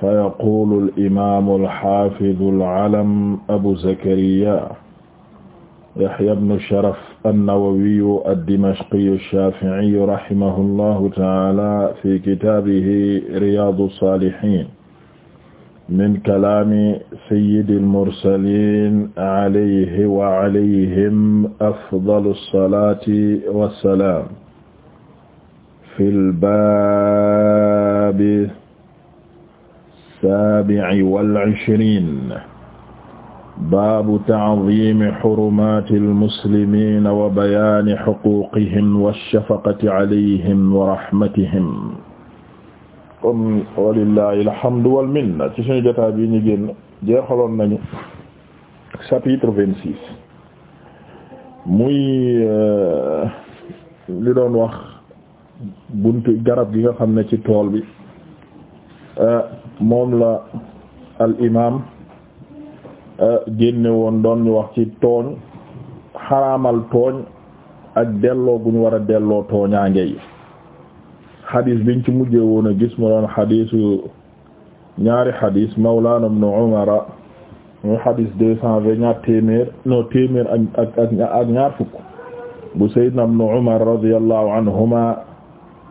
fa yaqulu al-imaamu al-haafidu al-alam abu zakariyaa yahya ibnu sharaf an-nawawiyu ad-dimashqiyu ash-shaafi'iyu rahimahu llahu ta'aala fi kitaabihi riyaadu saalihiin min kalaami sayyidi al-mursaliin alayhi wa alayhim afdalu as-salaati wassalaam fil baabi saabi'i wal ishriin baabu ta'ziimi xurumaatil muslimiina wa bayaani xuquuqihim wa shafaqati alayhim wa rahmatihim. kon walillaahi alhamdu wal ci suñu jotaay bi ñu génn jeexaloon nañu chapitre vingt-six muy euh, li doon wax buntu garab gi nga xam ne ci tool bi. Euh, moom la al imaam euh, génne woon doon ñu wax ci tooñ xaraamal tooñ ak delloo bu ñu war a delloo tooñaange yi xadiis biñ ci mujjee woon a gis mu doon ñaari xadiis mawlaana ibnu umara mu xadiis deux cent vingt ak ñaar fukk bu sayyidna ibnu umar radiyallahu anhuma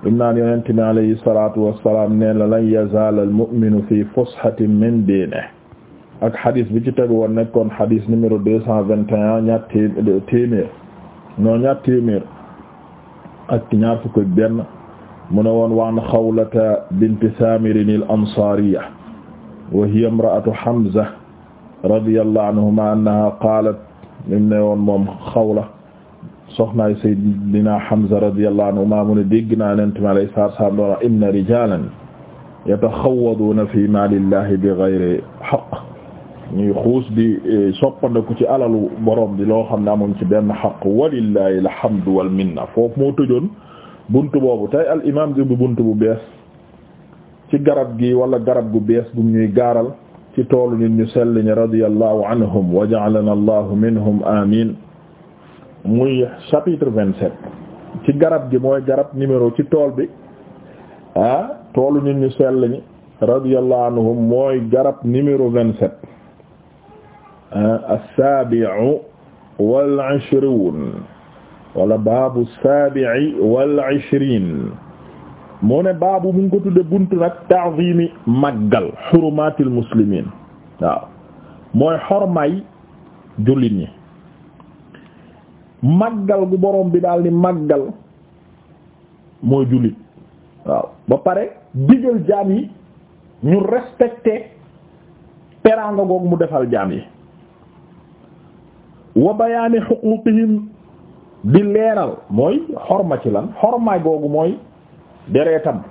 um naan yonente bi alayhi salatu wassalam ne la lan yazal al mu'minu fi fushatin min diine ak xadis bi ci teg woon nekkoon xadis numéro deux cent vingt et un ñaar téeméer noo ñaar téeméer ak ñaar fukk ak benn mu ne woon waan xawlata bint saamirin al ansaariya wa hiya imra'atu hamza radiyallahu anhuma annaha qaalat lim ne woon moom xawla soxnaay Seydina Hamza radiyallahu anhu maa mu ne dégg naa Yonent bi alayhi salaatu wa salaam doon wax inna rijaalan yataxawwaduuna fi maalillaahi bi ghayri haqq ñuy xuus di e, soppandeku ci alalu borom bi loo xam ne amuñ ci benn xaq walillaahi alhamdu wal minna foofu moo tëjoon buntu boobu tey al imaam di bu buntu bu bees ci garab gi wala garab gu bees gum ñuy gaaral ci toolu nit ñu sell ñi radiyallahu anhum wa ja'alana allahu minhum amiin muy chapitre vingt-sept ci garab gi mooy garab numéro ci tool bi ah toolu nit ñu sell ñi radiyallahu anhum mooy garab numéro vingt-sept ah, as-sabi'u wal wala baabu as-sabi'i wal ishrin moo ne baabu mu ko tudde buntu nag ta'zimi màggal xurumatil muslimin waaw mooy xormaay jullit ñi màggal gu borom bi daal di màggal mooy jullit waaw ba pare digal jaam yi ñu respecté teraanga googu mu defal jaam yi wa bayaani xuquqihim di leeral mooy xorma ci lan xormaay googu mooy deretam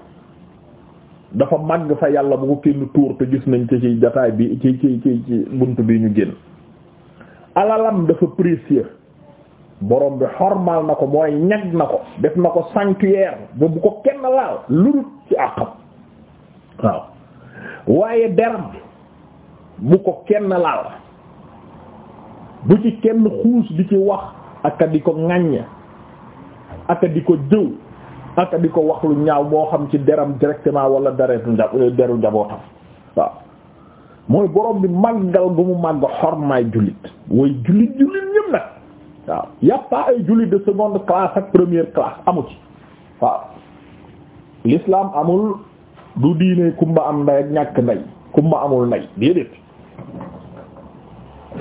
dafa màgg fa yàlla bu ko kenn tuur te gis nañ ci ci jataay bi ci ci bunt bi ñu génn alalam dafa précieux borom bi xormal na ko mooy ñag na ko def na ko sanctuaire ba bu ko kenn laal lurut ci àqam waaw waaye deram bu ko kenn laal bu ci kenn xuus di ci wax aka di ko ŋàññ aka di ko jëw aka di ko wax lu ñaaw moo xam ci deram directement wala deretu euh, deru njabootam waaw mooy borom bi màggal gu mu màgg xormaay jullit way jullit jullit ñëpp nag waaw y'a ay jullit de seconde classe ak première classe amu ci waaw l'islam amul du diine kumba am nday ak ñàkk nday kumba amul nday déedéet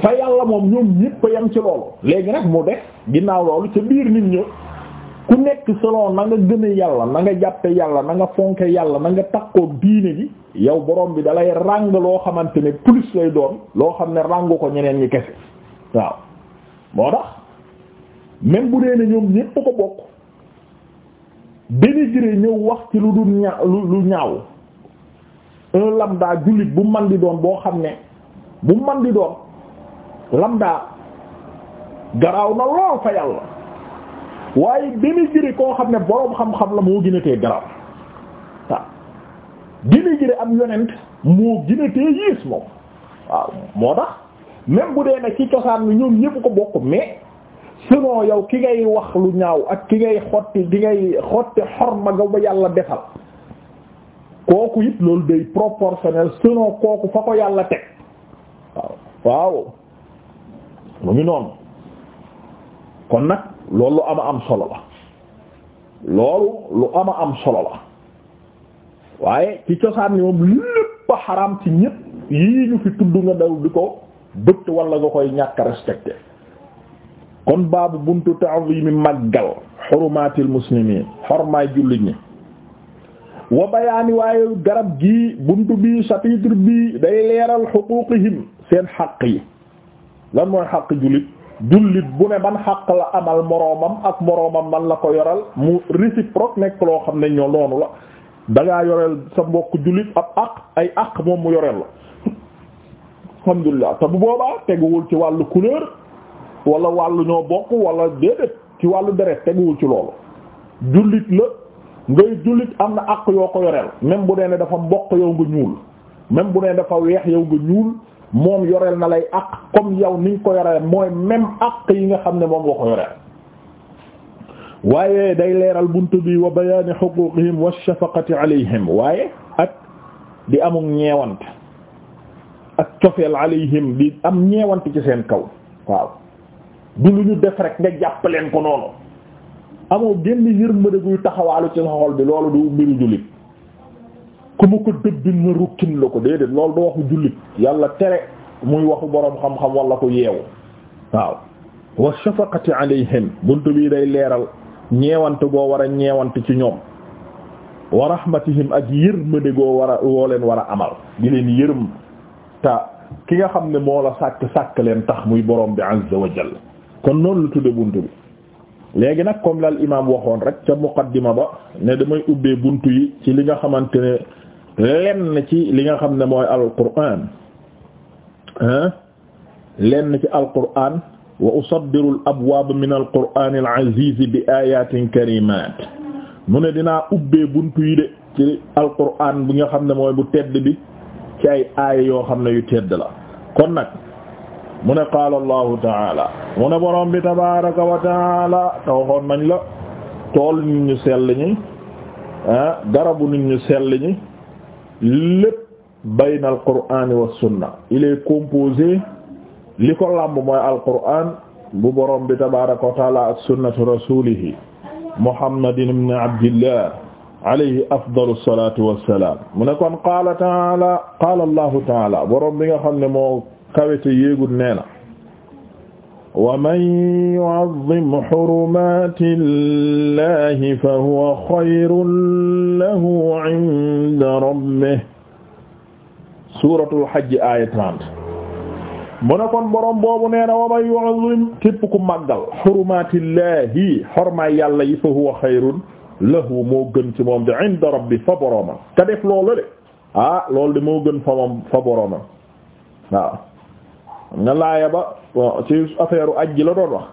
fa yàlla moom ñoom ñépp yam ci loolu léegi nag mu de ginnaaw loolu ca biir nit ñi ku nekk selon na nga gëme yàlla na nga jàppe yàlla nanga nga fonke yàlla na nga takkoo diine gi yow borom bi dalay ràng loo xamante ne plus lay doon loo xam ne ràngu ko ñeneen ñi kese waaw moo tax même bu dee ne ñoom ñépp ko bokk dénigré ñëw wax ci lu dul ña lu ñaaw un lambda jullit bu man di doon boo xam ne bu man di doon lambda garaaw na lool fa yàlla waaye dénigré koo xam ne boroom xam-xam la moo gën a tee garaaw waaw dénigré am yonent moo gën a tee moom waaw moo tax même bu dee ne ci cosaan bi ñoom ñépp ko bokk mais selon yow ki ngay wax lu ñaaw ak ki ngay xotti ki ngay xotti xorma nga ba yàlla defal kooku it loolu day proportionnel selon kooku fa ko yàlla teg waaw waaw mu ngi noonu kon nag loolu lu ama am solo la loolu lu ama am solo la waaye ci cosaan ni moom lépp a xaraam ci ñépp yii ñu fi tudd nga daw di ko bëtt walla nga koy ñàkk respecté kon baabu buntu ta'zimi màggal xurumaatil muslimiin xormaay jullit ñi wa bayaani waaye garab gii buntu bii chapitre bii day leeral xuquuqihim seen xaq yi lan mooy xaq jullit jullit bu ne ban xaq la amal moroomam ak moroomam man la ko yoral mu réciproque nekk loo xam ne ñoo noonu la da ngaa yoreel sa mbokk jullit ab aq ay aq moom mu yoreel la alhamdulillah te bu boobaa teguwul ci wàll couleur wala wàllu ñoo bokk wala déedéet ci wàllu deret teguwul ci loolu jullit la ngay jullit am na àq yoo ko yoreel même bu dee ne dafa mboq yow nga ñuul même bu dee dafa weex yow nga ñuul moom yoreel na lay àq comme yow niñ nga ko yoreel mooy même àq yi nga xam ne moom nga ko yoreel waaye day leeral bunt bi wa bayaani xuquqihim wa shafaqati alayhim waaye ak di amuk ñeewant ak cofeel alayhim di am ñeewant ci seen kaw waaw du lu ñu def rek nga jàpp leen ko noonu amoo génn yërmande guy taxawaalu ci sa xol bi loolu du mbiru jullit ku mu ko dëbbin na rukkin la ko déedéet loolu du waxu jullit yàlla tere muy waxu boroom xam-xam wala ko yeewu waaw wa shafaqati alayhim buntu bii day leeral ñeewant goo war a ñeewante ci ñoom wa rahmatihim ak yërmande goo war woo leen war a amal di leen yërëm ta ki nga xam ne moo la sàkk sàkk leen tax muy boroom bi azza wa kon noonu la tudde bunt bi léegi nag comme lal imaam waxoon rek ca muqaddima ba ne damay ubbee bunt yi ci li nga xamante ne lenn ci li nga xam ne mooy alquran hein lenn ci alquran wa usaddiru al-abwaab min al-qur'aan al-aziiz bi aayaatin karimaat mu ne dinaa ubbee bunt yi de ci alqur'aan bi nga xam ne mooy bu tedd bi ci ay aaya yoo xam ne yu tedd la kon nag mune ne qaala allahu taala mu bi tabaraka wa la tool nit ñu sell ñi ah garabu nit ñu sell ñi lépp composé li ko lamb mooy al qur'aan bu borom bi tabaraka wa taala ak sunnatu rasulihi muhammadin ibn abdillah alayhi afdalu salatu wassalaam mu ne kon qaala taala qaala allahu taala borom bi nga xam ne moo kawete yéegul nee na wa man yu'azzim hurumati llahi fa huwa xayrun lahu 'inda rabbih suuratul hajj aaya 30 mu ne kon borom boobu nee na wa man yu'azzim képp ku màggal hurumati llahi xormaay yàlla yi fa huwa xayrun lahu moo gën ci moom de 'inda rabbih fa boroomam ka def loolu de ah loolu de moo gën fa moom fa boroomam waaw na laaya ba bon ci affaire u ajji la doon wax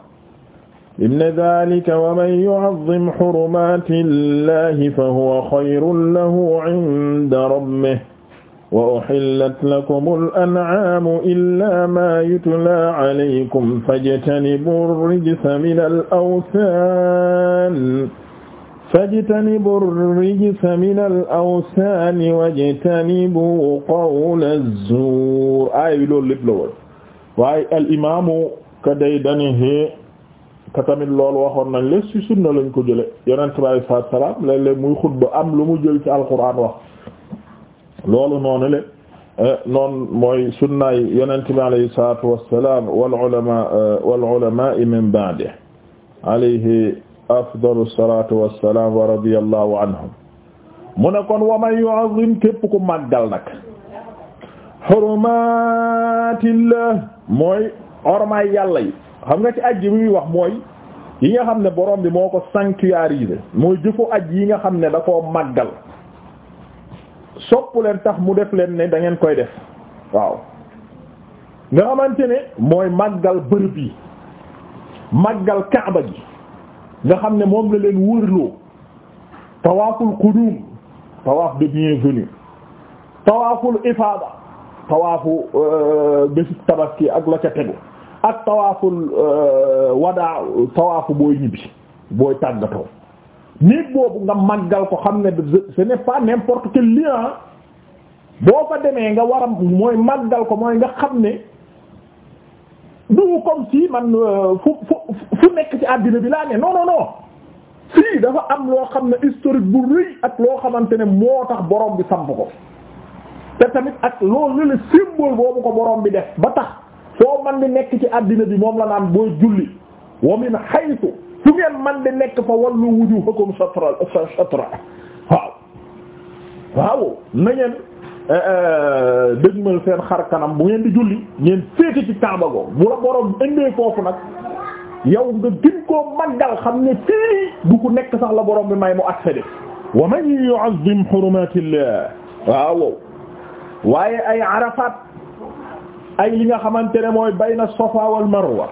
inna dhalika wa man yu'azzim hurumati llahi fa huwa khayrun lahu 'inda rabbih wa uhillat lakumul an'amu illa ma yutla 'alaykum fajtanibur rijsa minal awsan fajtanibu rijsa minal awsani wajtanibu qawla zuur ay loolu lépp la woon waaye al imaamu ka day danihi te tamit loolu waxoon nañ le ci sunna lañ ko jële yonent bi alayhi salaatu salaam léeg-léeg muy xutba am lu mu jël ci alquran wax loolu noonu le eh, noon mooy sunnaay yonent bi alayhi salaatu wassalaam wal ulamaa eh, wal ulamaa min ba'dihi alayhi afdalu salaatu wassalaam wa radiyallahu anhum mu ne kon wa man yu'azzim képp ku màggal nag hurumatillah mooy ormaay yàlla yi xam nga ci ajji bi muy wax mooy yi nga xam ne borom bi moo ko sanctuarisé mooy jëfu aj yi nga xam ne da koo màggal sopp leen tax mu def leen ne da ngeen koy def waaw nga xamante ne mooy màggal bërëb yi màggal kaaba gi nga xam ne moom la leen wërloo tawaaful qudum tawaaf de bienvenue tawaaful ifada tawaafu euh, bésu tabaski ak la ca tegu ak tawaaful euh, wadaa tawaafu booy ñibbi booy tàggatoo nit boobu nga màggal ko xam ne ce n'est pas n'importe boo fa demee nga war a mooy màggal ko mooy nga xam ne du comme si man euh, fu fu fu nekk ci àddina bi laa ne non non dafa am loo xam ne historique bu rëy ak loo xamante ne moo tax boroom bi samp ko. te tamit ak loolu la symbole boobu ko borom bi def ba tax foo man di nekk ci àddina bi moom la naan booy julli wa min haythu fu man di nekk fa wallu wujuhakum shatra shatra waaw waaw na ngeen eh, eh, dëgmal seen xar kanam bu ngeen di julli ngeen féete ci Kaaba go bu la borom indee foofu nag yow nga gën koo xam ne fii du nekk sax la borom may mu accéder wa man yu'azzim hurumatillah waaw waaye ay Arafat ay yi nga xamante ne mooy bayna Safa wal Marwa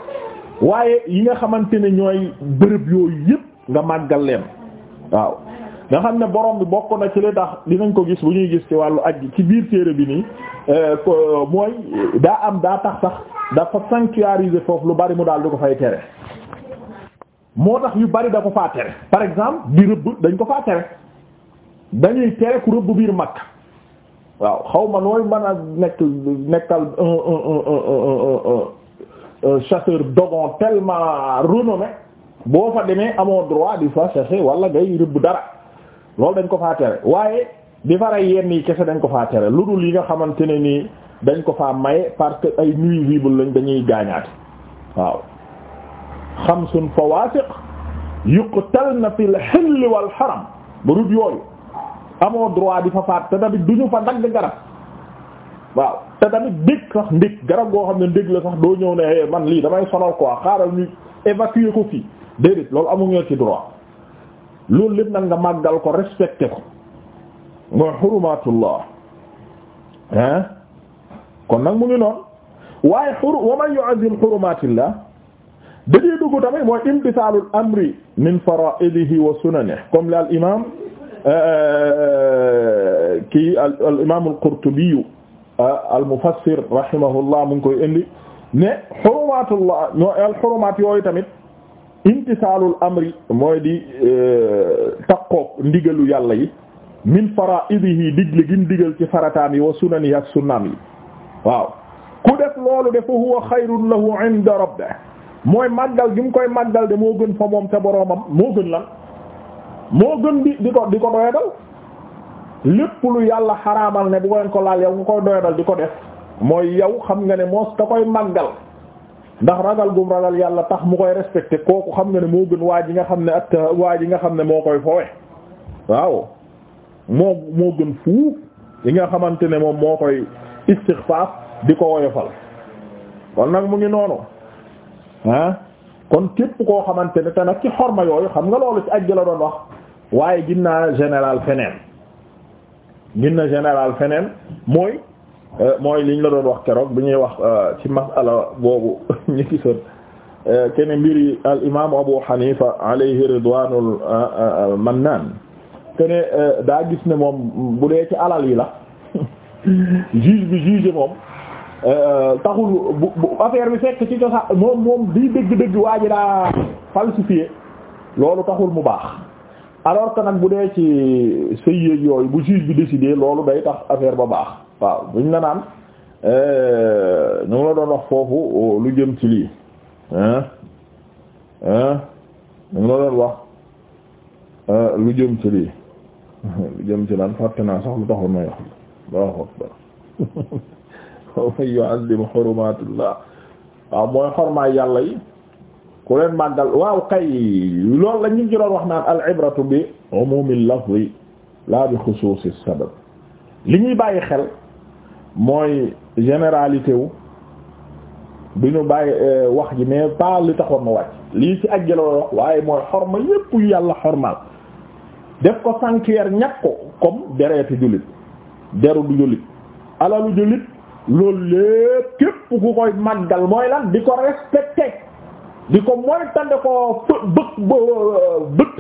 waaye yi nga xamante ne ñooy bërëb yooyu yëpp nga màggal leen waaw nga xam ne borom bi bokk na ci li tax dinañ ko gis bu ñuy gis ci wàllu aj ci biir téere bi nii euh, mooy daa am daa tax sax dafa sanctuariser foofu lu bari mu daal di ko fay tere moo tax yu bari da ko faa tere par exemple di rëbb dañ ko faa tere dañuy tere ku rëbb biir Makka waaw xaw ma nooy mën a nekk nekkal un un un chasseur dogon tellement renommé boo fa demee amoo droit di fa chasser wala ngay rëbb dara loolu dañ ko faa tere waaye di fa rey yenn yi kese dañ ko faa tere lu dul yi nga xamante ne nii dañ ko fa maye part ay nuisible lañ dañuy gaañaate waaw xamsun fawasiq yuqtalna fil hill wal haram bu dul yooyu amoo droit di fa faat te tamit du ñu fa dagg garab waaw te tamit ndég sax ndég garab goo xam ne ndég la sax doo ñëw ne eh, man lii damay sonal quoi xaaral ñu évacuer ko fii déedéet loolu amuñu ci droit loolu lépp nag nga màggal ko respecté ko mooy xurumatullah hein kon nag mu ngi noonu waaye xuru wa man yu'azzim xurumatillah dajee dugg tamit mooy imtisaalul amri min faraa'idihi wa sunanihi comme l'imam Euh, kii al al imaam al-Qurtubi euh, al-mufassir rahimahullah mu ngi koy indi ne xurumaatullah ñoo al-xurumaat yooyu tamit imtisaalul amri mooy di euh, taqoog ndigalu yàlla yi min faraa'idihi digle gim digal ci farataam yi wa sunani ak sunnaam yi waaw ku def loolu de fa huwa xayrun lahu inda rabbih mooy màggal gi mu koy màggal de moo gën fa moom ca boroomam moo gën lan moo gën di di ko di ko doyadal lépp lu yàlla xaraamal ne bu ko leen ko laal yow nga koy doyadal di ko def mooy yow xam nga ne moo da koy màggal ndax ragal gum ragal yàlla tax mu koy respecté kooku xam nga ne moo gën waa ji nga xam ne ak waa ji nga xam ne moo koy fowe waaw moo moo gën fuuf yi nga xamante ne moom moo koy istixfaaf di ko woyofal kon nag mu ngi noonu ah kon képp koo xamante ne te nag ci xorma yooyu xam nga loolu ci ajj la doon wax waaye gin naa général feneen gin na général feneen mooy euh, mooy liñ la doon wax keroog bi ñuy wax euh, ci masala boobu ñu gisoon kene euh, mbiri al imaamu Abu Hanifa alayhi ridwanul mannan kene daa gis ne moom bu dee ci alal yi la juge bi juge moom taxul bu bu affaire bi fekk ci cosaan moom moom di dëgg-dëgg waa ji loolu taxul mu baax alors que nag bu dee ci sëy yooyu bu juge bi décidé loolu day tax affaire ba baax waaw buñ la naan euh, ñu ngi doon wax foofu oh, lu jëm ci lii hein doon wax euh, lu jëm ci lii lu jëm ci lan fàtte naa sax lu taxoon may wax waaw waaw waaw man yu'azzim hurumatullah waaw mooy xormaay yàlla yi ku leen màggal waaw kay loolu la ñu ci doon wax naan al ibratu bi umumil lafzi la bi xusuusi sabab li ñuy bàyyi xel mooy généralité wu du ñu bàyyi euh, wax ji mais pas li taxoon ma wàcc lii ci ajji la wax waaye mooy xorma yépp yu yàlla xormaal def ko sanctuaire ñàkk ko comme dereetu jullit deru du jullit alalu jullit loolu lépp képp ku koy màggal mooy lan di ko respecté di ko mooy tande ko bët bët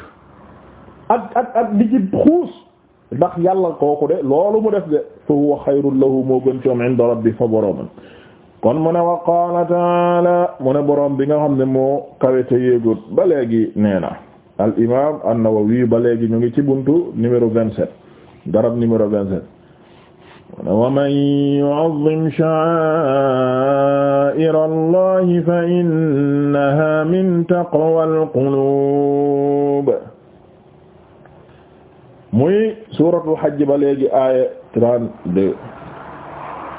ak ak ak di xuus ndax yàlla kooku de loolu mu def de fa huwa xayrun lahu moo gën coom inda rabbi fa boroomam kon mu ne wa qaala taala mu ne boroom bi nga xam ne moo kawete yéegut ba léegi nee na al imam an-Nawawi ba léegi ñu ngi ci buntu numéro vingt-sept garab numéro vingt-sept wa man yu'azzim sha'aa'ira Allahi fa innaha min taqwal quluub muy suuratul Hajj ba léegi aaya 32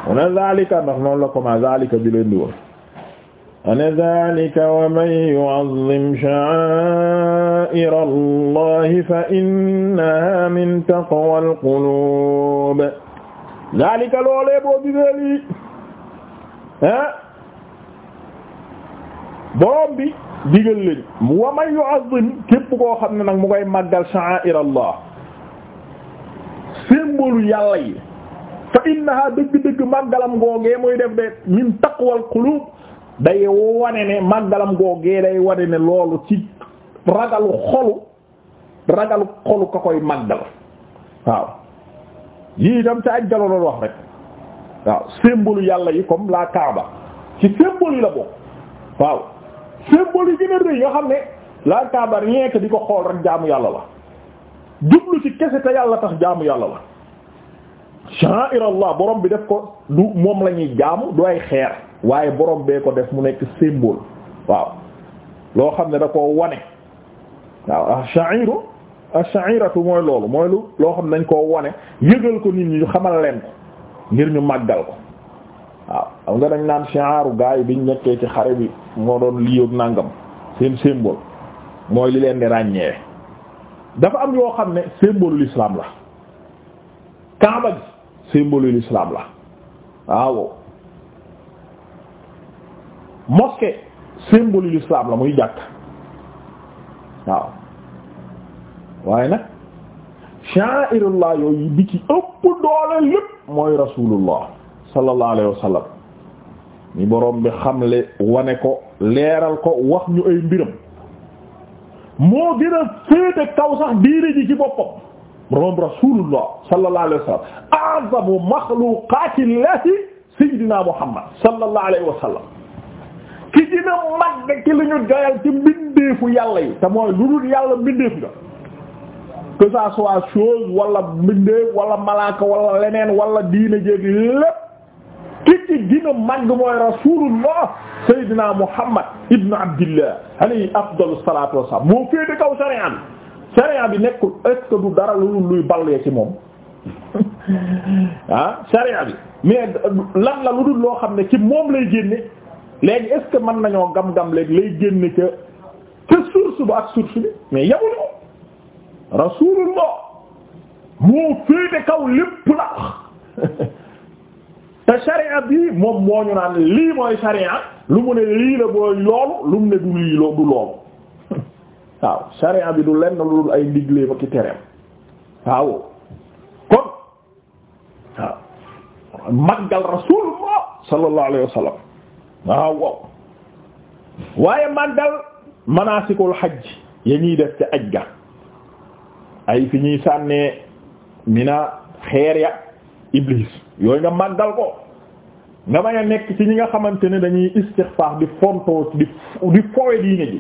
mu ne zaalika ndax noonu la commencé zaalika bi leen di woon mu ne zaalika wa man yu'azzim sha'aa'ira Allahi fa innaha min taqwal quluub zalika loolee boo gisee lii ah borom bi digal leen wa man yu'azzim képp koo xam ne nag mu koy màggal sha'a'ir Allah symbole yàlla yi fa innaha dëgg-dëgg màggalam googee muy def de min taqwal qulub day wane ne màggalam googee day wane ne loolu ci ragalu xolu ragalu xolu ka koy màggal waaw yii itam ca aj jaloo doon wax rek waaw symbole yàlla yi comme laa Kaaba ci symbole yi la bokk waaw symbole yi gën a rëy nga xam ne laa Kaaba rien que di ko xool rek jaamu yàlla la jublu ci kese te yàlla tax jaamu yàlla la sha'ir Allah borom bi def ko du moom lañuy ñuy jaamu du ay xeer waaye borom bee ko def mu nekk symbole waaw loo xam ne da koo wane waaw ah sha'iru ash-sha'iratu mooy loolu mooy lu loo xam nañ koo wone yëgal ko nit ñi ñu xamal leen ko ngir ñu màggal ko waaw xam nga dañ naan shi'aru gaa bi biñ nekkee ci xare bi moo doon lii nangam seen symbole mooy li leen di ràññee dafa am yoo xam ne symbole l'islam la Kaaba gi symbole l'islam la waaw mosquée symbole l'islam la muy jàkk waaw waaye nag sha'irullah yooyu bi ci ëpp doole lépp mooy rasulullah sallallahu alayhi wa sallam ñi boroom bi xamle wane ko leeral ko wax ñu ay mbiram moo gën a féete kaw sax diine ji ci boppam boroom rasulullah sallallahu alayhi wa sallam a'zamu makhluqatillahi sayyidina muhammad sallallahu alayhi wa sallam ki gën a mag ci li ñu doyal ci mbindeefu yàlla yi te mooy lu dul yàlla mbindeef nga que ça soit chose wala mbindeef wala malaaka wala leneen wala diine jéeg lépp ki ci gina màgg mooy rasulullah sayyidina muhammad ibnu abdillah alayhi afdalu salatu wassalam moo féete kaw sharia bi sharia bi nekkul est-ce que du dara lu luy ballee ci moom ah bi mais lan la lu dul loo xam ne ci moom lay génne léegi est-ce mën nañoo gam-gam léegi lay génne que que source ba ak source bi mais yamuñu rasulullah moo féete kaw lépp la te sharia bi moom moo ñu naan lii mooy sharia lu mu ne lii la mooy loolu lu mu ne du lii loolu waaw sharia bi du lenn lu dul ay ndigle ba ki tereem waaw waaw maggal rasulullah sallallahu alayhi waaw waaye maggal manasikul xaj ya ñuy def ca aj ga ay fi ñuy sànnee mina xeer ya iblis yooyu nga màggal ko nga may a nekk ci ñi nga xamante ne dañuy istixfaar di fontoo di di fowe diine ji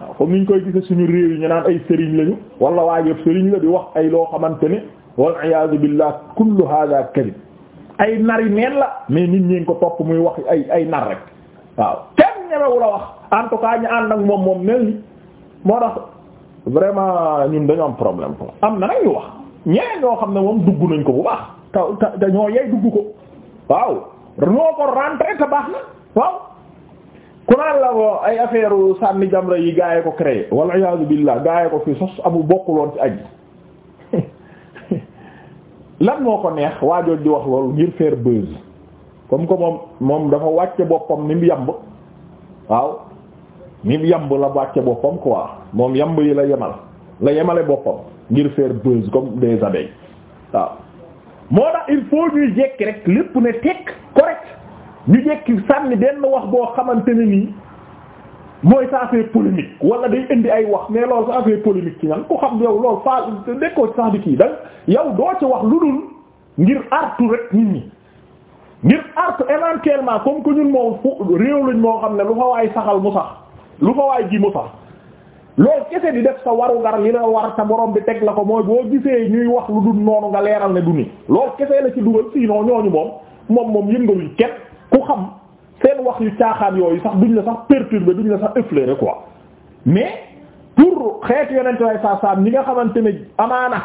waaw comme niñ koy gise suñu réew yi ñu naan ay sëriñ lañu wala waa yëpp sëriñ la di wax ay loo xamante ne wal iyaazu billah kullu hada kadib ay nari neen la mais nit ñi ko topp muy wax ay ay nar rek waaw kenn ñemewu la wax en ànd ak moom moom mel ni moo tax vraiment ñun dañu am problème ko am na nag ñu wax ñeneen ñoo xam ne moom dugg nañ ko bu baax te ñoo yey dugg ko waaw ñoo ko rentré te baax na waaw ku naan la ko ay affaire sànni jamra yi gaa ko créé walla iyaazu billaah gaa ko fii sos amul bokkuloon ci aj lan moo ko neex waajooj di wax loolu ngir faire buzz comme que moom moom dafa wàcce boppam ni mu yamb waaw ni yamb la wàcce boppam quoi moom yamb yi la yemal la yemale boppam ngir faire buzz comme des abeilles waaw moo tax il faut ñuy jekki rek lépp ne tekk correct ñu jekki sànni benn wax boo xamante ne nii mooy ça polémique wala day indi ay wax mais loolu ça fait polémique ci ñan ko xam yow loolu fa nekkoo sax di kii da yow doo ci wax lu dul ngir artu rek nit ñi ngir artu éventuellement comme que ñun moom réew lañ moo xam ne lu fa waay saxal mu sax lu fa waay ji mu sax loolu kese di def sa waru ngar li la war sa borom bi teg la ko mooy boo gisee ñuy wax lu dul noonu nga leeral ne du ni loolu kese la ci dugal sinon ñooñu moom moom moom yëngaluñ kenn ku xam seen wax yu caaxaan yooyu sax duñ la sax perturber duñ la sax effleurer quoi mais pour xeet yonent way saa saam ñi nga xamante ne amaana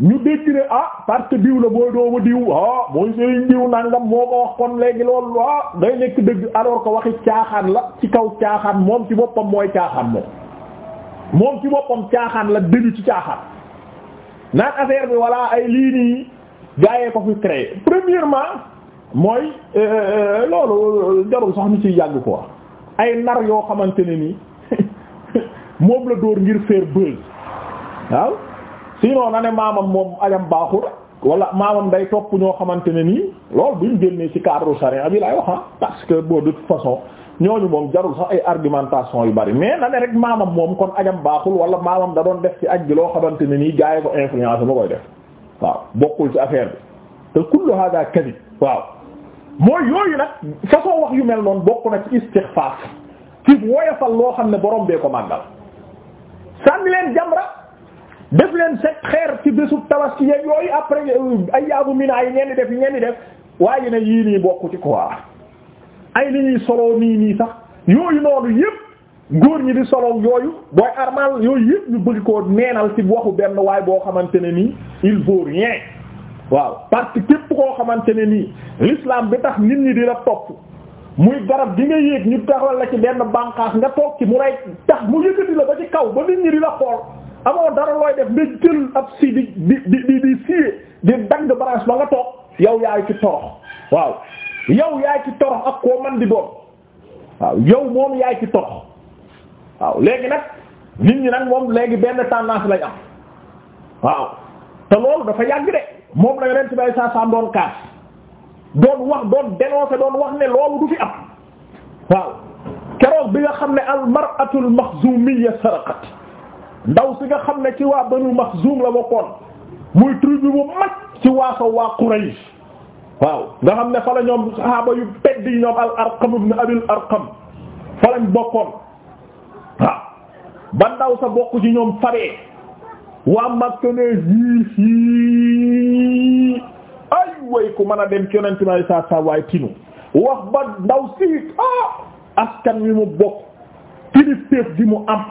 ñu dégg ne ah parce que diw la booy dooma diw ah mooy sëriñ diw nangam moo ko wax kon léegi loolu ah day nekk dëgg alors que waxi caaxaan la ci kaw caaxaan moom ci boppam mooy caaxaan moom moom ci boppam caaxaan la dëju ci caaxaan naan affaire bi walla ay lii nii gaayee ko fi créé premièrement mooy euh, euh, loolu euh, jarul sax ñu ciy yàgg quoi ay nar yoo xamante ne ni moom la dóor ngir faire buzz waaw sinon na ne maamam moom ajam baaxul wala maamam day topp ñoo xamante ne nii loolu buñ génnee ci cadre charia bi laay wax ah, parce que boo de toute façon ñooñu moom jarul sax ay argumentation yu bari mais na ne rek maamam moom kon ajam baaxul wala maamam da doon def ci aj gi loo xamante ne nii gaay ko influence ba koy def waaw bokkul ci affaire bi te kullu hada kadib waaw mooy yooyu nag façon wax yu mel noonu bokk na ci istixfaaf ci woyofal loo xam ne borom bee ko màggal sànni leen jamra def leen set xeer ci bésu tabaski yooyu après ay yaabu mina yi ngeen di def yi ngeen def waaye ne yii nii bokk ci ay li ñuy soloo nii nii sax yooyu noonu yépp góor ñi di solo yooyu booy armal yooyu yépp ñu bëgg koo neenal ci waxu benn waay boo xamante ne nii il vaut rien waaw parce que képp koo xamante ne nii l'islam bi tax nit ñi di la topp muy garab gi nga yéeg ñu taxawal la ci benn bànqaas nga toog ci mu lay tax mu yëkkati la ba ci kaw ba nit ñi di la xool amoo dara looy def nga jël ab si di di di di di di dagg branche ba nga toog yow yaay ci torox waaw yow yaay ci torox ak koo man di doon waaw yow moom yaay ci torox waaw léegi nag nit ñi nag moom léegi benn tendance lay am waaw te loolu dafa yàgg de moom la yonent bi saa saa doon kaas doon wax doon dénoncer doon wax ne loolu du fi am waaw keroog bi nga xam ne al mar'atul maxzumiyya saraqat ndaw si nga xam ne ci waa banu maxzum la bokkoon muy tribu bu mag ci waaso waa Quraysh waaw nga xam ne fa la ñoom sahaaba yu tedd yi ñoom al arqam ibn abil arqam fa bokkoon ba ndaw sa bokk ci ñoom faree waa Makka ne hiihii ay way ku mën a dem ci yonente mi saa saa waay tinu wax ba ndaw siit ah, askan wi mu bokk kilifteef gi mu am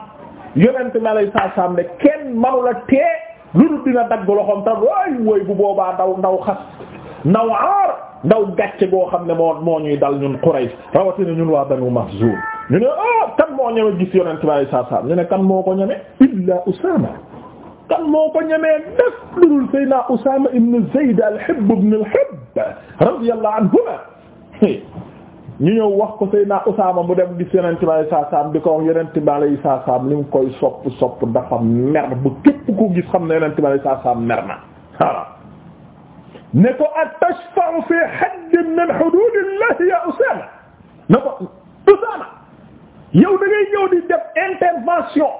yonente mi saa saa ne kenn manu la tee lu dul dina dagg loxoom tam ay way bu boobaa ndaw ndaw xas naw nawaar ndaw gàcce goo xam ne moo moo ñuy dal ñun Quraysh rawatina ñun waa Banu Mahzun ñu ne ah kan moo ñëwee gis yonent bi saa saa ñu ne kan moo ko ñeme illa Usama kan moo ko ñemee def durul Seydina Usama ibn Zayd al-Hibb ibn al-Hibb radiyallahu anhuma ñu ñëw wax ko Seydina Usama mu dem gis yonent bi saa saa di ko wax yonent bi saa saa li mu koy sopp sopp dafa mer bu képp ko gis xam ne yonent bi saa saa mer na ne ko atashfa'u fi haddin min hududillahi ya Usama ne ko Usama yow da ngay ñëw di def intervention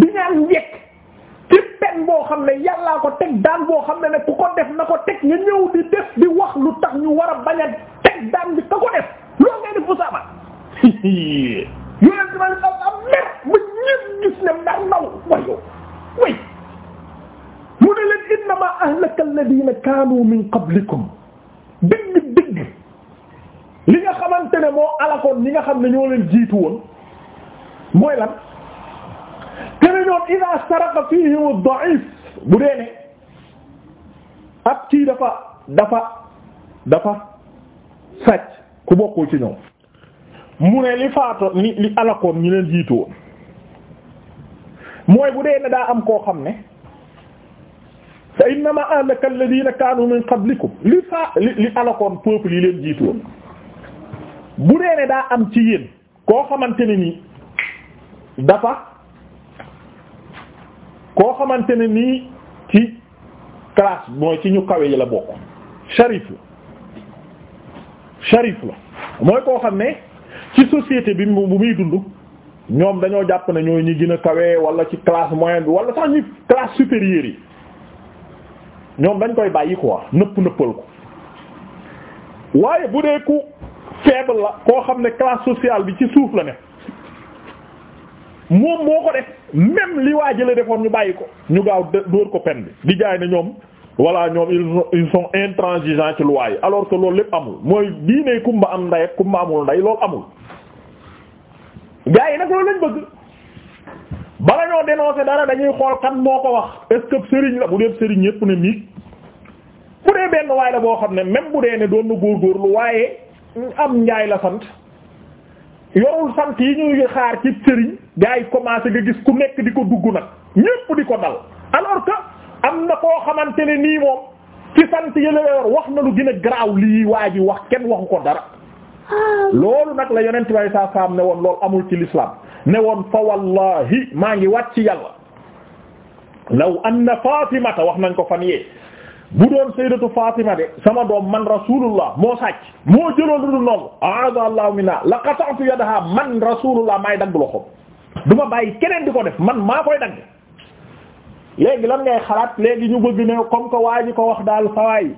di ñaan njëkk ci pen boo xam ne yàllaa ko teg daan boo xam ne ne ku ko def na ko teg nga ñëw di def di wax lu tax ñu war a bañ a teg daan bi ka ko def loo ngay def Usama yoneen ti ma am mer ba ñëpp gis ne ndax ndaw way yow way mu ne leen innama ahlaka alladina kaanu min qablikum dëgg dëgg li nga xamante ne moo alakoon ñi nga xam ne ñoo leen jiitu woon mooy lan kene ñoom ida saraqa fihim ad-da'if bu dafa dafa dafa sàcc ku bokkul ci ñoom mu ne li faatoon li li alakoon ñu leen jiitu woon mooy bu dee ne daa am koo xam ne fa innama ahlaka na kaanu min qablikum li fa li li alakoon peuple yi leen jiitu bu dee ne daa am ci yéen koo xamante ne nii dafa koo xamante ne nii ci classe mooy ci ñu kawe yi la bokk sharif la sharif la mooy koo xam ne ci société bi bu muy dund ñoom dañoo jàpp ne ñooy ñi gën a kawe wala ci classe moyenne bi wala sax ñu classe supérieure yi ñoom dañ koy bàyyi quoi nëpp nëppal ko waaye bu dee ku faible la koo xam ne classe sociale bi ci suuf la ne moom moo ko def même li waa jële defoon ñu bàyyi ko ñu gaaw dóor ko pen bi di jaay ne ñoom voilà ñoom ils sont intransigeants ci loi yi alors que loolu lépp amul mooy diine kumba am nday ak kumba amul nday loolu amul gars yi nag loolu lañ bëgg bala ñoo dénoncer dara dañuy xool kan moo ko wax est sëriñ la bu dee sëriñ yépp ne miig bu dee benn waay la boo xam ne même bu dee ne doon na góorgóorlu waaye am njaay la sant yorul sant yi ñuy xaar ci sëriñ gars yi commencé nga gis ku nekk di ko dugg nag ñépp di ko dal alors que am na koo xamante ne nii moom ci sant yële yor wax na lu gën a garaaw lii waa ji wax kenn waxu ko dara loolu nag la yonent way saa saam ne woon lool amul ci l'islam ne woon fa wallahi maa ngi wàcc yàlla law anna fatimata wax nañ ko fan yee bu doon sayyidatu Fatima de sama doom man rasulullah moo sàcc moo jëloon lu dul noonu a'adha Allahu minna la qata'tu yadaha man rasulullah maay dagg loxoom du ma bàyyi keneen di ko def man maa koy dagg léegi lan ngay xalaat léegi ñu bëgg ne comme que waa ji ko wax daal sawaay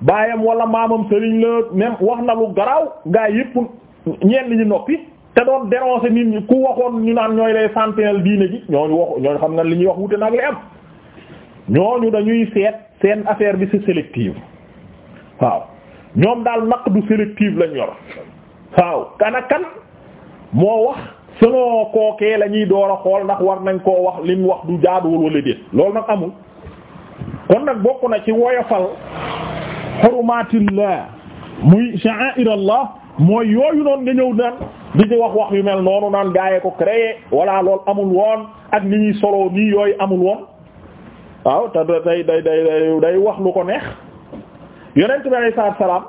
baayam wala maamam sëriñ la même wax na lu garaaw gaa yépp li ñu noppi te doon dénoncer nit ñi ku waxoon ñu naan ñooy lay sentinelle diine gi ñooñu wax ñooñu xam na li ñuy wax wute nag lay am ñooñu dañuy seet seen affaire bi c'est sélective waaw ñoom daal naqdu sélective lañ yor waaw kan ak kan moo wax selon kookee la ñuy door a xool ndax war nañ koo wax lim wax du jaaduwul wala déet loolu nag amul kon nag bokk na ci woyofal xurumatillah muy sha'airallah mooy yooyu noonu nga ñëw naan di ci wax wax yu mel noonu naan gaayee ko crée wala lool amul woon ak ni ñuy solo nii yooyu amul woon waaw te day day day day wax lu ko neex yonent bi ay saa salaam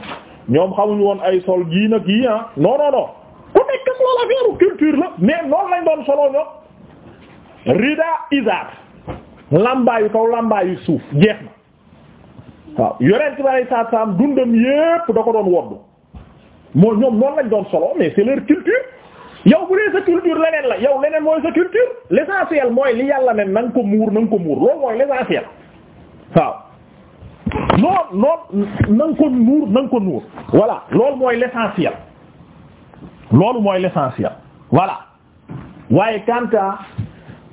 ñoom xamuñu woon ay sol gii nag yii ah non non non ku nekk loolu affaire culture la mais noonu lañ doon solo ñoom. Rida Izar lambaayu kaw lambaayu suuf jeex na waaw yonent bi ay saa salaam dundam yépp da ko doon woddu moo ñoom noonu lañ doon solo mais c'est culture. yow bu dee sa culture leneen la yow leneen mooy sa culture l'essentiel mooy li yàlla ne na ko muur na ko muur loolu mooy l'essentiel waaw ko nuur na ko nuur voilà loolu mooy l'essentiel loolu mooy l'essentiel voilà waaye kanta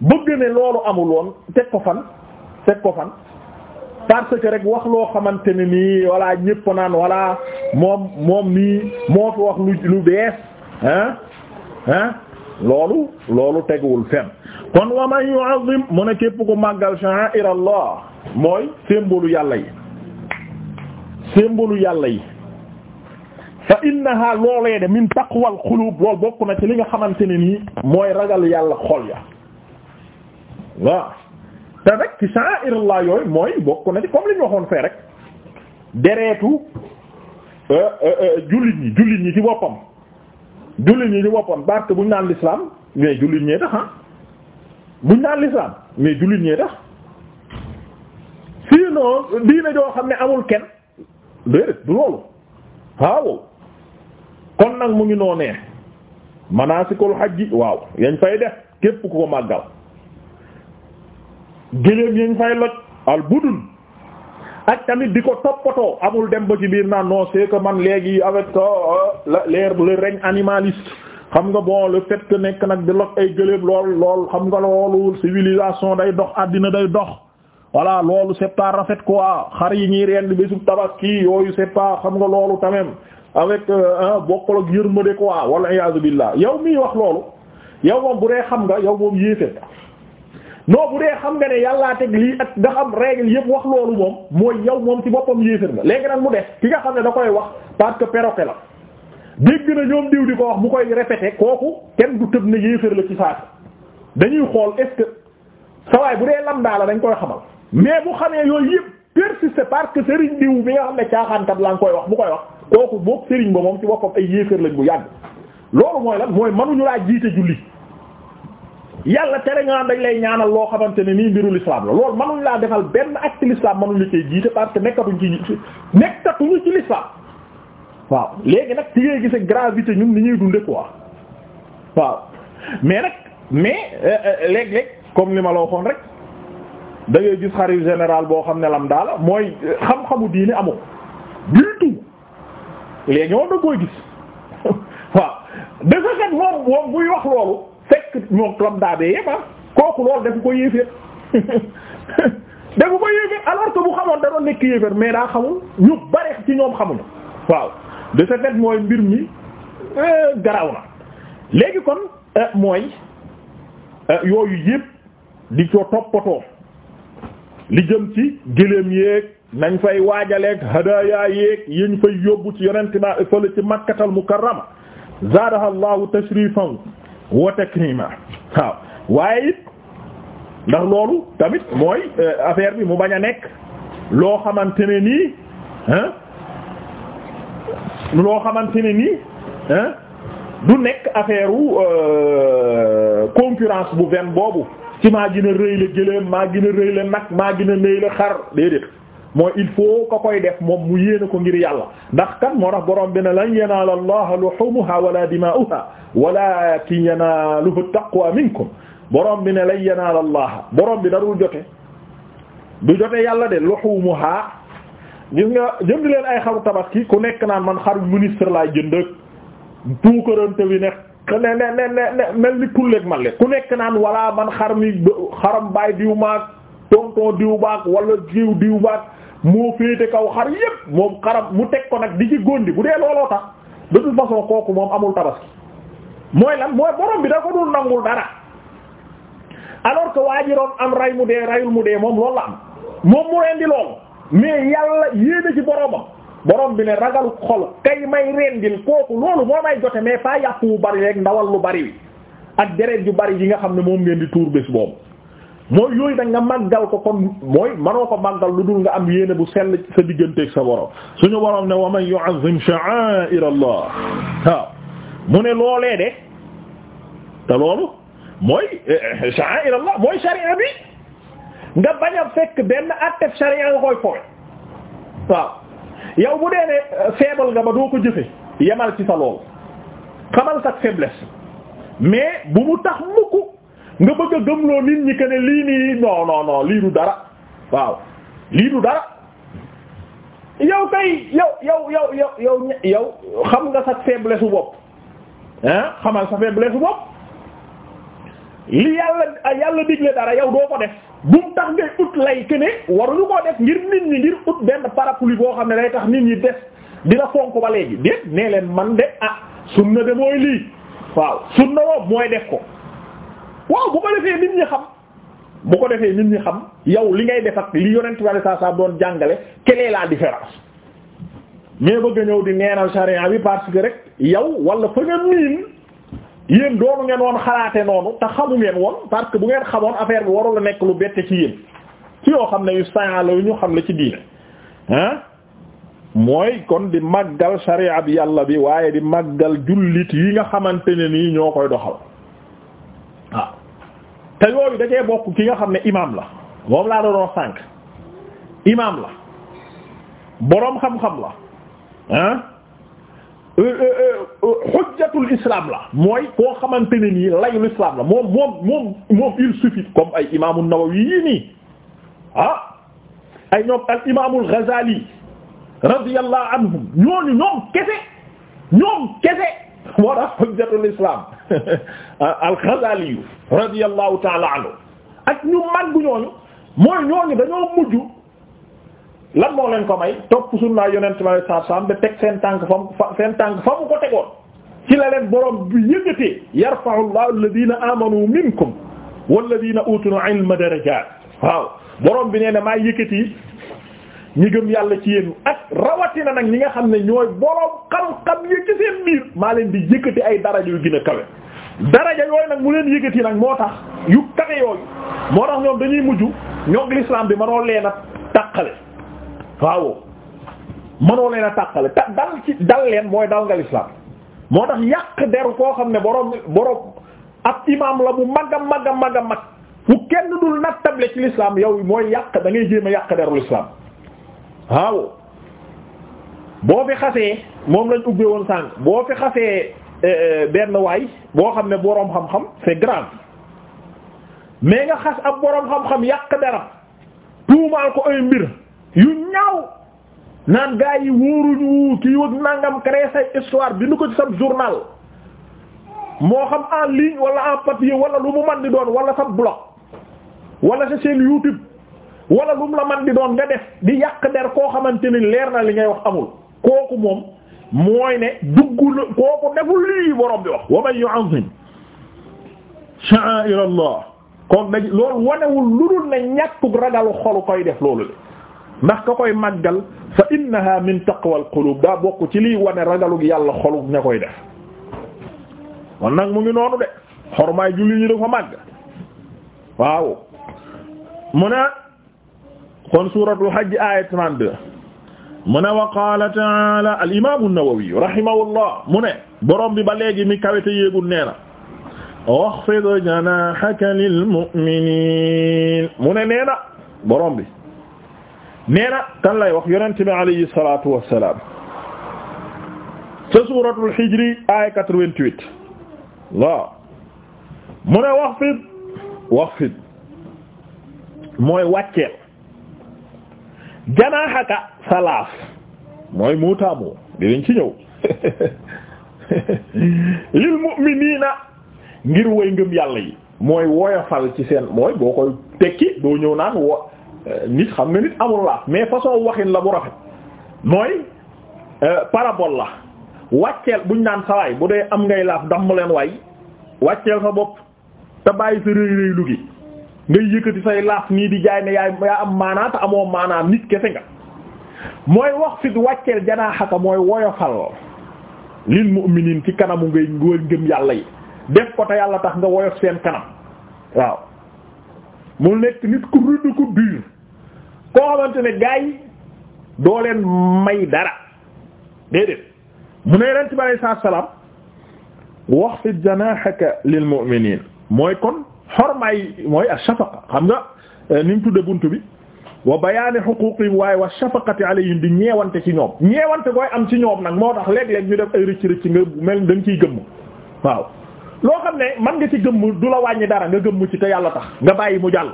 bëgg ne loolu amul woon teg ko fan teg ko fan parce que rek wax loo xamante ne nii voilà ñépp naan voilà moom moom nii moo fi wax lu lu bees ah loolu loolu teguwul fenn kon wa man yu'azzim mu ne képp ku màggal sha'a'ir Allah mooy symbole yàlla yi symbole yàlla yi fa innaha loolee de min taqwal qulub loolu bokk na ci li nga xamante ne nii mooy ragal yàlla xol ya waaw te rek ci sha'a'ir Allah mooy bokk na ci comme li ñu waxoon fee rek dereetu euh, euh, euh, jullit ñi jullit ñi ci boppam jullit ñi di boppam parce buñ naan lislaam mais jullit ñee tax ah buñ naan l'islam mais jullit ñee tax sinon diina joo xam ne amul kenn déedéet du loolu waaw kon nag mu ngi noonee manasikul hajji waaw yañ fay def képp ko màggal géléem yañ fay loj al ak tamit di ko toppatoo amul dem ba ci biir naan non c'est que man léegi avec euh, l'air le règne animaliste xam nga bon le fait que nekk nag di lot ay gëléb lool lool xam nga loolu civilisation day dox àddina day dox voilà loolu c'est pas rafet quoi xar yi ñuy rend bésu tabaski yooyu c'est pas xam nga loolu tamit avec euh, bokkal ak yërmande quoi wala iyaazu billah yow miy wax loolu yow moom bu dee xam nga yow moom yéefee non bu dee xam nga ne yàllaa teg lii ak nga xam règle yëpp wax loolu moom mooy yow moom ci boppam yéefér nga léegi nag mu def ki nga xam ne da koy wax parce que perroquet la dégg na ñoom diw di ko wax mu koy répété kooku kenn du tëb na yéefér la ci saat dañuy xool est-ce sawaay bu dee lam daala dañ koy xamal mais bu xamee yooyu yëpp persiste parce que sëriñ diw bi nga xam ne caaxaankat la nga koy wax mu koy wax kooku boog sëriñ ba moom ci boppam ay yéefér lañ bu yàgg loolu mooy mooy mënuñu laa jiite julli yàlla tere nga dañ lay ñaanal loo xamante ni nii mbiru l'islam la loolu mënuñ laa defal benn acte l'islam mënuñ la koy jiite parce que nekkatuñ ci nekkatuñu ci l'islam waaw léegi nag ci ngay gise gravité ñun ni ñuy dunde quoi waaw mais nag mais euh, euh, léeg-léeg comme li ma la waxoon rek da ngay gis xarit général boo xam ne lam daal mooy euh, xam-xamu diine amoo du tout léegi moom da koy gis waaw dafa kat moom moom buy wax loolu fekk ñoo lam daabee yema ah. kooku loolu dafa ko yéeféer dafa ko yéeféer alors que bu xamoon da nekk yéeféer mais daa xamul ñu bare ci ñoom xamuñu waaw de ce fait mooy mbir mi euh, garaw na léegi kon euh, mooy euh, yooyu yépp di ko toppatoo li jëm ci gëléem yéeg nañ fay waajaleeg hadaya yéeg yiñ fay yóbbu ci yonente ba fële ci makkatal mukarrama zaadaha allahu wa takrima waaw waaye it ndax loolu tamit mooy euh, affaire bi mu bañ a nekk loo xamante ne nii loo xamante ne nii du nekk affaire wu euh, concurrence bu ven boobu ci maa gën a rëy la gëléem maa gën a rëy la nag maa gën a néy xar déedéet mooy il faut ko koy def moom mu yéene ko ngir yàlla ndax kan moo tax borom bi ne lan yanaala allaha luhumuha wala dimaa'uha walakin yanaaluhu taqwa minkum borom bi ne lan yanaala allaha borom bi darul jote du jote yàlla de luhumuha gis nga jënd leen ay xaw tabax kii ku nekk naan man xaru ministre laay jënd ak puukarante nekk ne ne ne ne mel ni tulleeg man le ku nekk naan wala man xar mi xaram baay diw maag tonton diw baag wala jiw diw baag moo féete kaw xar yépp moom xarab mu teg ko nag di ci góndi bu dee looloo tax de toute façon kooku moom amul tabaski mooy lan mooy borom bi da dul nangul dara alors que waa ji doon am ray mu dee rayul mu dee moom loolu la am moom mu rendi loolu mais yàlla yéene ci boromam borom bi ne ragalu xol kay may rendil kooku loolu moo may jote mais pas yàpp wu bari rek ndawal lu bari wi ak deret ju bari yi nga xam ne moom ngeen di tuur bés boobu mooy yooyu nag nga màggal ko kon mooy manoo ko màggal lu dul nga am yéene bu sell ci sa digganteeg sa borom suñu borom ne wa man yu'azzim sha'a'ir Allah waaw mu ne loolee de te loolu mooy eh, eh, sha'a'ir Allah mooy sharia bi nga bañ a fekk benn attef sharia yow bu dee ne eh, faible nga ba doo ko jëfe yemal ci sa lool xamal sa faiblesse mais bu mu tax mukk nga bëgg a gëmloo nit ñi que lii nii non non non lii du dara waaw lii du dara yow kay yow yow yow yow yow yow xam nga sa faiblesse su bopp ah xamal sa faiblesse su bopp li yàlla yàlla digle dara yow doo ko def bu mu tax ngay ut lay que ne waruñu koo def ngir nit ñi ngir ut benn parapluie boo xam ne day tax nit ñi des dina fonk ba léegi déet nee leen man de ah sunna de mooy lii waaw na woowu mooy def ko. waaw bu ko defee nit ñi xam bu ko defee nit ñi xam yow li ngay def ak li yonent bi saa saa doon jàngale quelle est la différence mais bëgg ñëw di neenal charia bi parce que rek yow wala fa nga miin yéen doonu ngeen woon xalaate noonu te xamu ngeen woon parce que bu ngeen xamoon affaire bi warul a nekk lu bette ci yéen ci yoo xam ne yu saa yu ñu xam ne ci diine mooy kon di màggal charia bi yàlla bi waaye di màggal jullit yi nga xamante ne nii ñoo koy doxal te yooyu da cee bokk ki nga xam ne imaam la moom laa doon wax sànq imaam la boroom xam-xam la ah xujjatul islam la mooy koo xamante ne nii layul islam la moom moom moom moom il suffit comme ay imaamu Nawawi yii nii ah ay ñoom al imaamul Ghazali radiyallahu anhum ñooñu ñoom kese ñoom kese. moo tax hujjatul islam al-Ghazali radiyallahu ta'ala anhu ak ñu mag ñooñu mooy ñooñu dañoo mujj lan moo leen ko may topp sunna yonent bi sallallahu alayhi wasallam ba teg seen tànk fa mu seen tànk fa mu ko tegoon ci la leen borom bi yëkkatee yarfa'u Allahu alladhina amanu minkum walladhina utul ilma darajat waaw borom bi nee na maa ñu gëm yàlla ci yéen ak rawatina nag ñi nga xam ne ñooy boroom xam-xam yi ci seen biir maa leen di yëkkati ay daraja yu gën a kawe daraja yooyu nag mu leen yëkkati nag moo tax yu kawe yooyu moo tax ñoom dañuy mujj ñoog l'islam bi manoo leen a tàqale waaw manoo leen a tàqale ta dal ci dal leen mooy dal nga l'islam moo tax yàq deru koo xam ne boroom boroom ab imaam la bu mag a mag a mag a kenn dul nattable ci l'islam yow mooy yàq da ngay jéem yàq deru l'islam waaw boo fi xasee moom lañ ubbee woon sànq boo fi xasee eh, eh, benn waay boo xam ne boroom xam-xam c'est grave mais nga xas ab boroom xam-xam yàq dara tuumaal ko ay mbir yu ñaaw naan gaa yi wóoruñu kii wag nangam créé say histoire bindu ko ci sam journal moo xam en ligne wala en papier wala lu mu man di doon wala sa blog wala sa chaîne YouTube wala lu la man di doon nga def di yàq der koo xamante ni leer na li ngay wax amul kooku moom mooy ne duggul kooku deful lii borom bi wax wa man yu'azzim sha'a'ir Allah kon nag loolu wanewul lu dul ne ñàkkug ragalu xolu koy def loolu le ndax ka koy màggal fa innaha min taqwal qulub da bokk ci lii wane ragalug yàlla xolu ña koy def kon nag mu ngi noonu de xormaay julli ñu dafa màgg waaw mu ne kon suuratul hajj aaya 32 mu ne wa qaala ta'aala al imaamu an-Nawawi rahimahullah mu ne borom bi ba léegi mi kawete yéegul nee na waxfid janaahaka lil mu'miniin mu ne nee na borom bi nee na kan lay wax yonent bi alayhi salaatu wassalaam ca suuratul hijri aaya 88 waaw mu ne waxfid waxfid mooy wàcceel janaaxaka salaas mooy muutaamu dinañ ci ñëw lil mu'miniina ngir way ngëm yàlla yi mooy woyofal ci seen mooy boo koy tekki doo ñëw naan wo eh, nit xam nga nit amul laaf mais façon waxin la bu rafet mooy eh, parabole la wàcceel buñ naan sawaay bu dee am ngay laaf damm leen waay wàcceel sa bopp te bàyyi sa rëy rëy gi ngay yëkkati say laaf nii di jaay ne yaa am maanaam amoo maanaam nit kese nga mooy wax fit wàcceel janaaxaka mooy woyofal lil mu'miniin ci kanamu ngay ngóor ngëm yàlla yi def ko te yàlla tax nga woyof seen kanam waaw mu nekk nit ku rudd ku dur koo xamante ne gaa yi doo leen may dara déedéet mu ne ren ci bi alei salaam wax fit janaaxaka lil mu'miniin mooy kon xormaay mooy ash-shafaqa xam nga eh, ni mu tudde bunt bi wa bayaani xuquuqihim waaye wa shafaqati alayhim di ñeewante ci ñoom ñeewante koy am ci ñoom nag moo tax léeg-léeg ñu def ay rëcc rëcc nga mel da nga ciy gëmm waaw loo xam ne man nga ci gëmm du la wàññi dara nga gëmm ci te yàlla tax nga bàyyi mu jàll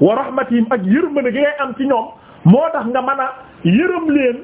wa yi ak yërmande gi ngay am ci ñoom moo tax nga mën a yërëm leen